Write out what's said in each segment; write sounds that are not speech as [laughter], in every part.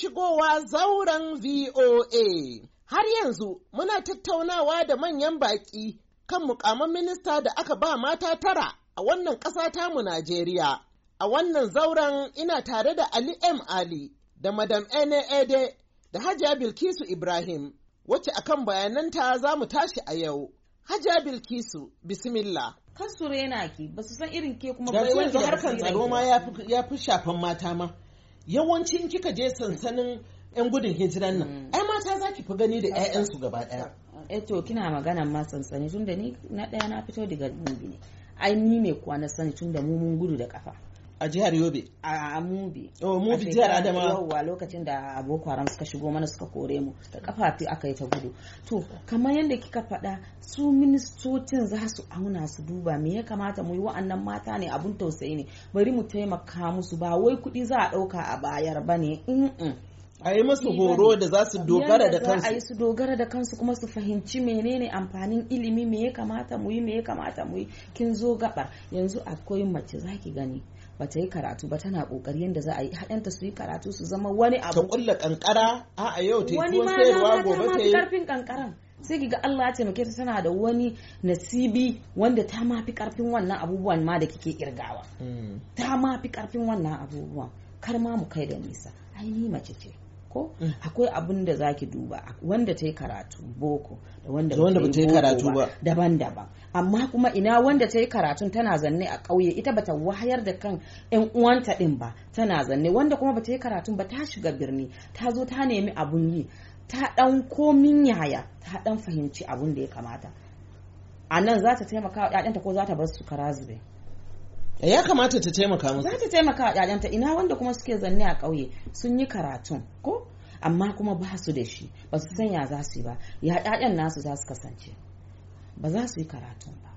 shigowa zauren VOA. Har yanzu muna tattaunawa da manyan baƙi kan mukamin minista da aka ba mata tara a wannan ƙasa tamu Najeriya. A wannan zauren ina tare da Ali M. Ali da Madam Ene Ede da Hajiya Bilkisu Ibrahim, wacce akan bayananta za mu tashi a yau. Hajiya Bilkisu, bismillah. Kan su ki, ba su san irin ke kuma bai wanda harkar tsaro ma ya fi shafan mata ma. yawancin kika je sansanin 'yan gudun hijiran nan mm. ai mata za ki fi gani da 'ya'yansu gaba eh eto kina magana ma sansani tunda ni na ɗaya na fito daga gumbi ne ai ni ne kuwa na sani tunda mu mun gudu da kafa a jihar yobe a mubi oh mubi jihar adama yawwa lokacin da abokan haram suka shigo mana suka kore mu da kafa aka yi ta gudu to kamar yadda kika faɗa su ministocin za su auna su duba me ya kamata mu yi wa'annan mata ne abun tausayi ne bari mu taimaka musu ba wai kuɗi za a ɗauka a bayar ba ne a yi musu horo da za su dogara da kansu a yi su dogara da kansu kuma su fahimci menene amfanin ilimi me ya kamata mu yi me ya kamata mu yi kin zo gabar yanzu akwai mace zaki gani ba ta yi karatu ba tana kokari yadda za a yi haɗanta su yi karatu su zama wani abu ta kulla kankara a a yau ta yi tuwon sayarwa gobe ta yi karfin kankaran sai ki ga Allah ya taimake ta tana da wani nasibi wanda ta ma fi karfin wannan abubuwan ma da kike kirgawa hmm. ta ma fi karfin wannan abubuwan kar ma mu kai da nisa ai ni mace ce ko mm. akwai abin da zaki duba wanda ta yi karatu boko da wanda ba yi karatu ba daban-daban amma kuma ina wanda ta yi karatun tana zanne a ƙauye ita bata wayar da kan yan uwanta din ba tana zanne wanda kuma bata yi karatun ba ta shiga birni ta zo ta nemi abun yi ta dan komin yaya ta dan fahimci abun da ya kamata a nan za ta taimaka ko za ta bar su karazube ya kamata ta taimaka musu za ta taimaka wa ƴaƴanta ina wanda kuma suke zanne a ƙauye sun yi karatun ko amma kuma ba su da shi ba su san ya za su yi ba ya ƴaƴan nasu za su kasance ba za su yi karatun ba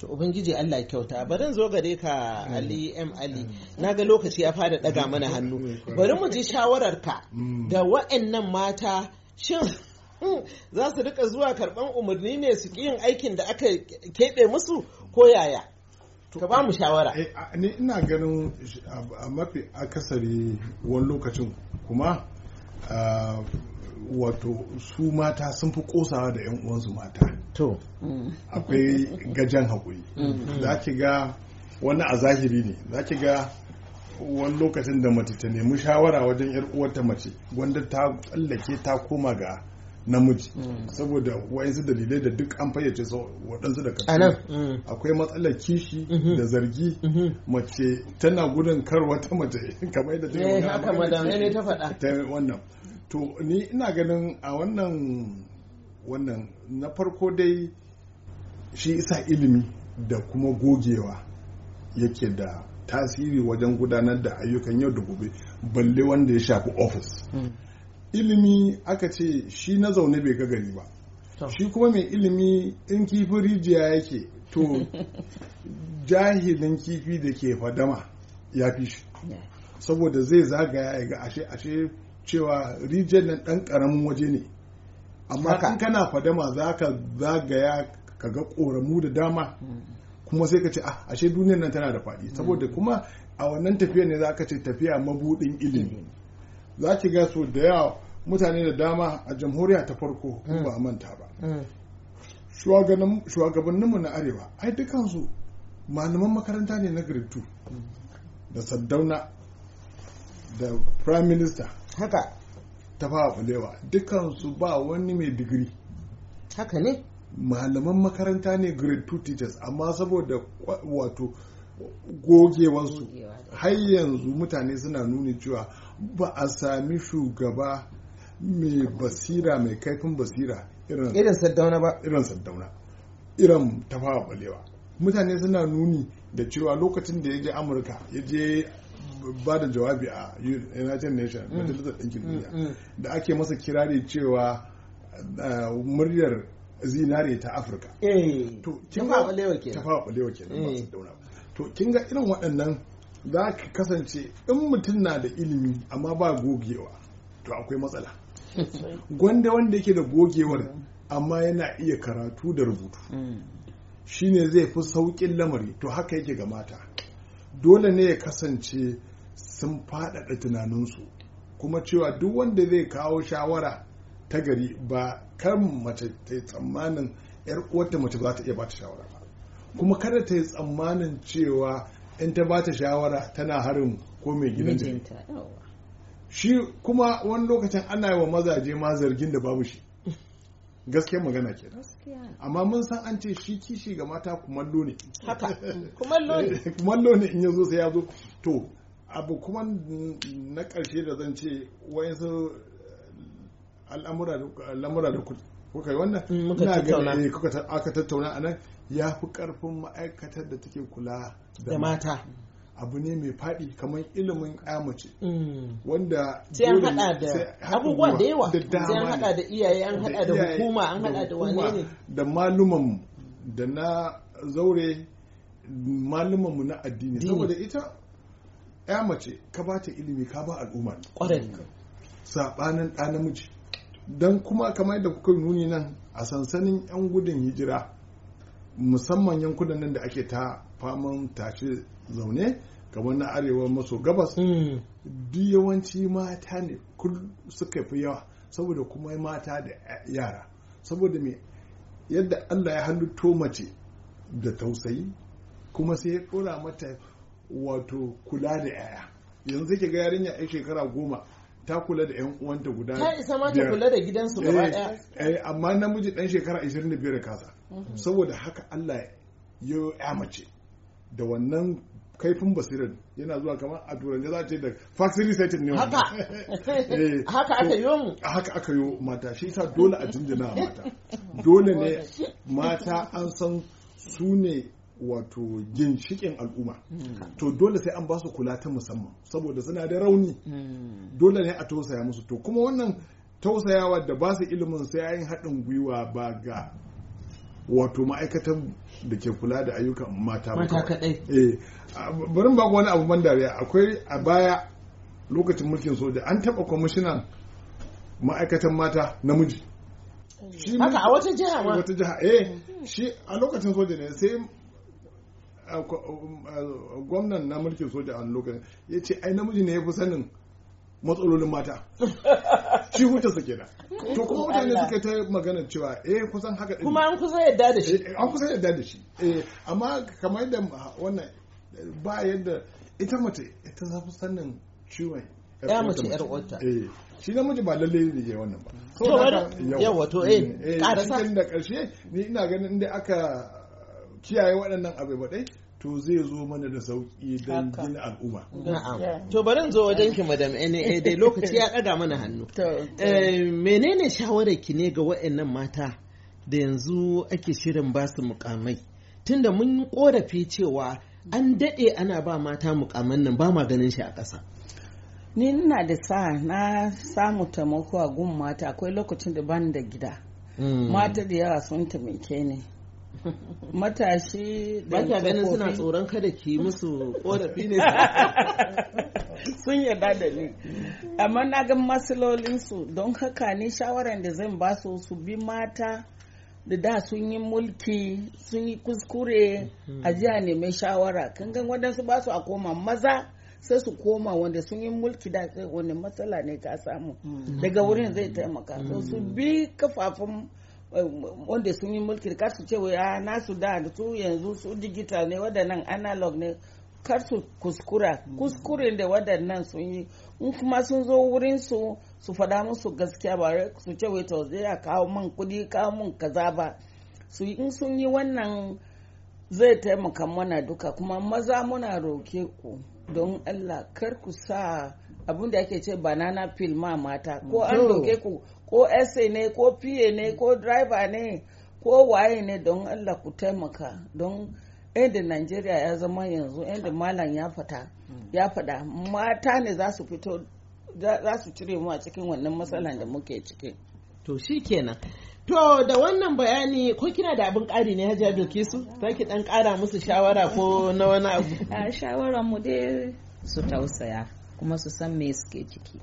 to ubangiji Allah kyauta bari zo gare ka mm. Ali M Ali mm. naga lokaci ya fara daga mana mm. hannu bari mu ji shawarar ka da wa'annan mata shin za su rika zuwa karban umarni ne su yin aikin da aka keɓe musu ko yaya ka ba mu shawara eh, ni ina ganin a mafi akasari wani lokacin kuma wato su mata sun fi kosawa da 'yan uwansu mata to mm. akwai gajen haƙuri mm. za ki ga wani a zahiri ne za ki ga wani lokacin da mace ta nemi shawara wajen 'yar uwarta mace wanda ta tsallake ta koma ga namiji mm. saboda wa'insu dalilai da duk an fayyace su waɗansu da kasuwa mm. akwai matsalar kishi mm-hmm. da zargi mm-hmm. mace tana gudun kar wata mace [laughs] kamar da eh, ta faɗa ta wannan to ni ina ganin a wannan wannan na farko dai shi isa ilimi da kuma gogewa yake da tasiri wajen gudanar da ayyukan yau da gobe balle wanda ya shafi ofis mm. ilimi aka ce shi na zaune bai ga gari ba shi kuma mai ilimi in kifin rijiya yake to [laughs] jahilin kifi da ke fadama ya fi shi saboda zai zagaya ga ashe ashe cewa rijiyar nan ɗan ƙaramin waje ne amma kan kana fadama za ka zagaya ka ga ƙoramu da dama mm. kuma sai ka ce ah ashe duniyar nan tana da faɗi mm. saboda kuma a wannan tafiyar ne za ka ce tafiya mabudin ilimi za ki ga su da yawa mutane da dama a jamhuriya ta farko mm. ba a manta ba mm. shugabanninmu na arewa ai dukansu malaman makaranta ne na girtu mm. da saddauna da prime minister haka ta fawa balewa dukansu ba wani mai digiri haka ne malaman makaranta ne grade 2 teachers amma saboda wato gogewansu har yanzu mutane suna nuni cewa ba a sami shugaba mai basira mai kaifin basira irin saddauna ba irin saddauna irin tafawa balewa mutane suna nuni da cewa lokacin da ya je amurka ya je ba da jawabi a united nations mm. majalisar ɗinkin mm, duniya mm. da ake masa kirari cewa uh, muryar zinare ta afirka eh, to kin ga tafawa balewa kenan ba eh. saddauna to kin ga irin waɗannan za ka kasance in mutum na da ilimi amma ba gogewa to akwai matsala gwanda wanda yake da gogewar amma yana iya karatu da rubutu mm. shine zai fi sauƙin lamari to haka yake ga mata dole ne ya kasance sun faɗaɗa tunaninsu kuma cewa duk wanda zai kawo shawara ta gari ba kan mace ta yi tsammanin 'yar uwarta mace ba za ta iya ba ta shawara ba kuma kada ta yi tsammanin cewa in ta bata shawara tana harin ko mai gidanta shi kuma wani lokacin ana yi wa mazaje ma zargin da babu shi gaskiyar magana ke amma mun san an ce shi kishi ga mata kumallo ne [laughs] [laughs] kumallo ne in ya sai ya zo to abu kuma na ƙarshe da zan ce wayansu al'amura da kuka yi wannan mm, na ga eh, kuka aka tattauna a nan ya fi karfin ma'aikatar da take kula da mata abu ne mai faɗi kamar ilimin mace mm. wanda sai an hada da abubuwa da yawa sai an hada da iyaye an hada da hukuma an hada da wane ne da malumanmu da na zaure malumanmu na addini saboda ita ya mace ka ba ta ilimi ka ba al'umma saɓanin ɗa namiji don kuma kamar da kuka nuni nan a sansanin 'yan gudun hijira musamman yankunan nan da ake ta faman tashi zaune kamar na arewa maso gabas hmm. duk yawanci mata ne suka fi yawa saboda kuma mata da yara saboda me yadda allah ya halitto mace da tausayi kuma sai ya ɗora mata wato kula da yaya yanzu ke ga yarinya a shekara goma ta kula da yan uwanta guda ta isa ma ta kula da gidansu gaba daya eh, eh, amma namiji dan shekara 25 da kasa mhm. saboda haka Allah ya mace da wannan kaifin basirin yana zuwa kamar a turanci za ce da factory setting ne haka [laughs] eh, haka aka yi mu haka aka yi mata shi sa dole a jinjina mata dole ne [laughs] mata an san su ne wato ginshikin al'umma hmm. to dole sai an ba su kula ta musamman saboda suna da rauni hmm. dole ne a tausaya musu to kuma wannan tausayawa da ba su ilimin sai yayin haɗin gwiwa ba ga wato ma'aikatan da ke kula da ayyukan mata mata kadai eh barin ba wani abu ban dariya akwai a baya lokacin mulkin soja an taba kwamishinan ma'aikatan mata namiji haka a wata jiha ma wata jiha eh hmm. shi a lokacin soja ne sai gwamnan na mulkin soja a lokacin ya ce ai namiji ne ya fi sanin matsalolin mata [laughs] shi wuta su kenan to kuma mutane suka ta magana cewa eh kusan haka din kuma an kusa yadda da shi eh, an kusa yadda da shi eh amma kamar yadda ah, wannan ba yadda ita mace ita za fi sanin ciwon ya mace yar wata eh shi namiji ba lalle ne ya wannan ba to yawa to eh, eh ƙarasa sa da ƙarshe ni ina ganin inda aka kiyaye waɗannan abubuwa to zai zo mana da sauƙi don gina al'umma. To barin zo wajen ki madam eh, NAA eh, dai lokaci ya ɗaga mana hannu. Eh, menene shawarar ki ne ga waɗannan mata da yanzu ake shirin ba su mukamai? Tunda mun ƙorafi cewa an daɗe ana ba mata mukaman nan ba ma ganin shi a ƙasa. Ni ina da sa na samu taimako a gun mata akwai lokacin da ban da gida. Hmm. Mata da yawa sun taimake ni. matashi da ya ganin suna tsoron kada ki musu korafi ne [laughs] sun yarda da ni amma na ga masalolinsu don haka ne shawaran da zan ba su su bi mata da da sun yi mulki sun yi kuskure mhm. a jiya neman shawara kan gan waɗansu ba su a koma maza sai su koma wanda sun yi mulki da wani matsala ne ka samu mhm. daga wurin zai taimaka so su bi kafafun wanda sun yi mulkin kar su ce a ah, nasu da su yanzu su digital ne waɗannan analog ne kar su kuskura kuskurin da waɗannan sun yi in kuma sun zo wurin su su faɗa musu gaskiya ba su ce wai to zai kawo min kuɗi kawo min kaza ba su in sun yi wannan zai taimaka mana duka kuma maza muna roke ku don Allah kar ku sa abin da ake ce banana peel ma mata ko an roke ku ko essay ne ko pa ne ko driver ne ko waye ne don allah ku taimaka don inda nigeria ya zama yanzu inda malam ya fata hmm. ya fada mata ne za su fito za su cire mu a cikin wannan matsalan da muke ciki to shi to da wannan bayani ko kina da abin kari ne hajiya bilkisu za ki dan ƙara musu shawara ko na wani abu [laughs] shawara mu dai su tausaya kuma su san me suke ciki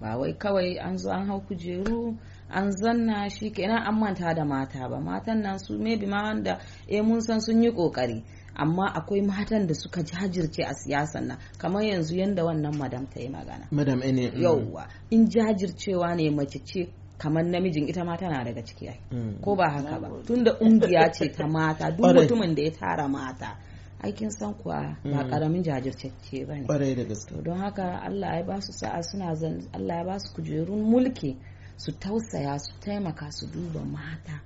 ba wai kawai an zo an hau kujeru an zanna shi kenan an manta da mata ba matan nan su maybe ma wanda eh mun san sun yi kokari amma akwai matan da suka jajirce a siyasan nan kamar yanzu yanda wannan madam ta yi magana madam ene eh, mm. yauwa in jajircewa ne mace ce kamar namijin ita ma tana daga ciki mm. ko ba haka ba tunda ungiya ce ta mata duk mutumin da ya tara mata aikin san kuwa ba karamin hmm. jajirtacce ba ne kwarai da gaske don haka Allah ya ba su sa'a suna zan Allah ya ba su kujerun mulki su tausaya su taimaka su duba mata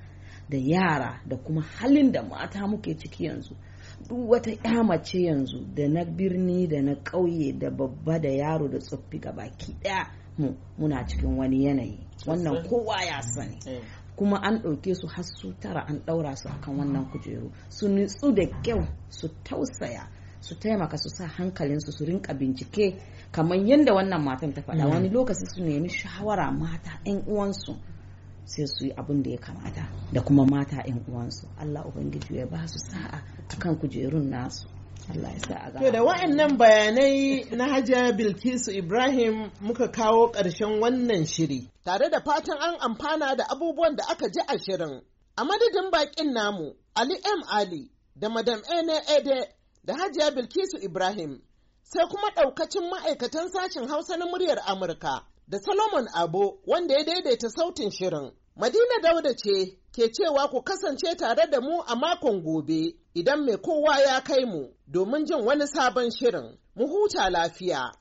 da yara da kuma halin da mata muke ciki yanzu duk wata ya mace yanzu da na birni da na ƙauye da babba da yaro da tsoffi baki daya mu muna cikin wani yanayi wannan kowa ya sani eh. kuma an ɗauke su har su tara an ɗaura su akan wannan kujeru su nutsu da kyau su tausaya su taimaka su sa hankalinsu su rinka bincike kamar yadda wannan matan ta faɗa mm. wani lokaci su nemi shawara mata 'yan uwansu sai su yi abin da ya kamata da kuma mata 'yan uwansu Allah Ubangiji ya ba su sa'a akan kujerun nasu To da wa'annan bayanai na Hajiya Bilkisu Ibrahim muka kawo ƙarshen wannan shiri, tare da fatan an amfana da abubuwan da aka ji a shirin. A madadin baƙin namu, Ali M. Ali da Madam Ene Ede da Hajiya Bilkisu Ibrahim, sai kuma ɗaukacin ma'aikatan sashen Hausa na muryar Amurka da Solomon Abo wanda ya daidaita sautin shirin. Madina Dauda ce ke cewa ku kasance tare da mu a makon gobe. idan mai kowa ya kai mu domin jin wani sabon shirin. Mu huta lafiya.